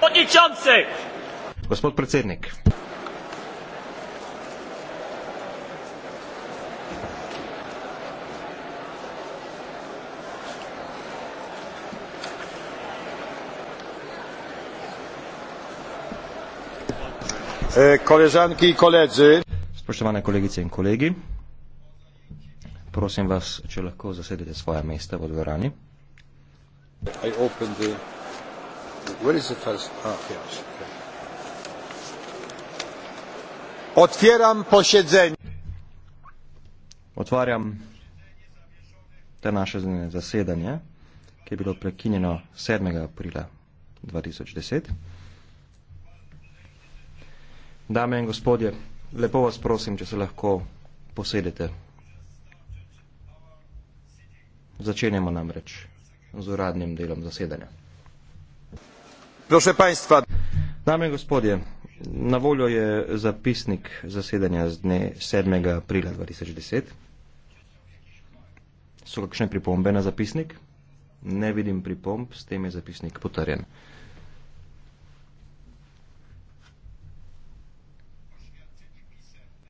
podničance. Gospod predsednik. E, Koležanki in koledzi. Spoštovane kolegice in kolegi, prosim vas, če lahko zasedete svoje mesta v dvorani. I open the... Ah, Otwieram posiedzenie. Otwieram te nasze zasiedanie, które było przekinjeno 7 aprila 2010. Dame in gospodje, lepo vas prosim, če se lahko posedete. Začenjamo namreč z uradnim delom zasedanja dame in gospodje na voljo je zapisnik zasedanja z dne sedem aprila dva tisoč deset so kakšne pripombe na zapisnik ne vidim pripomb s tem je zapisnik potrjen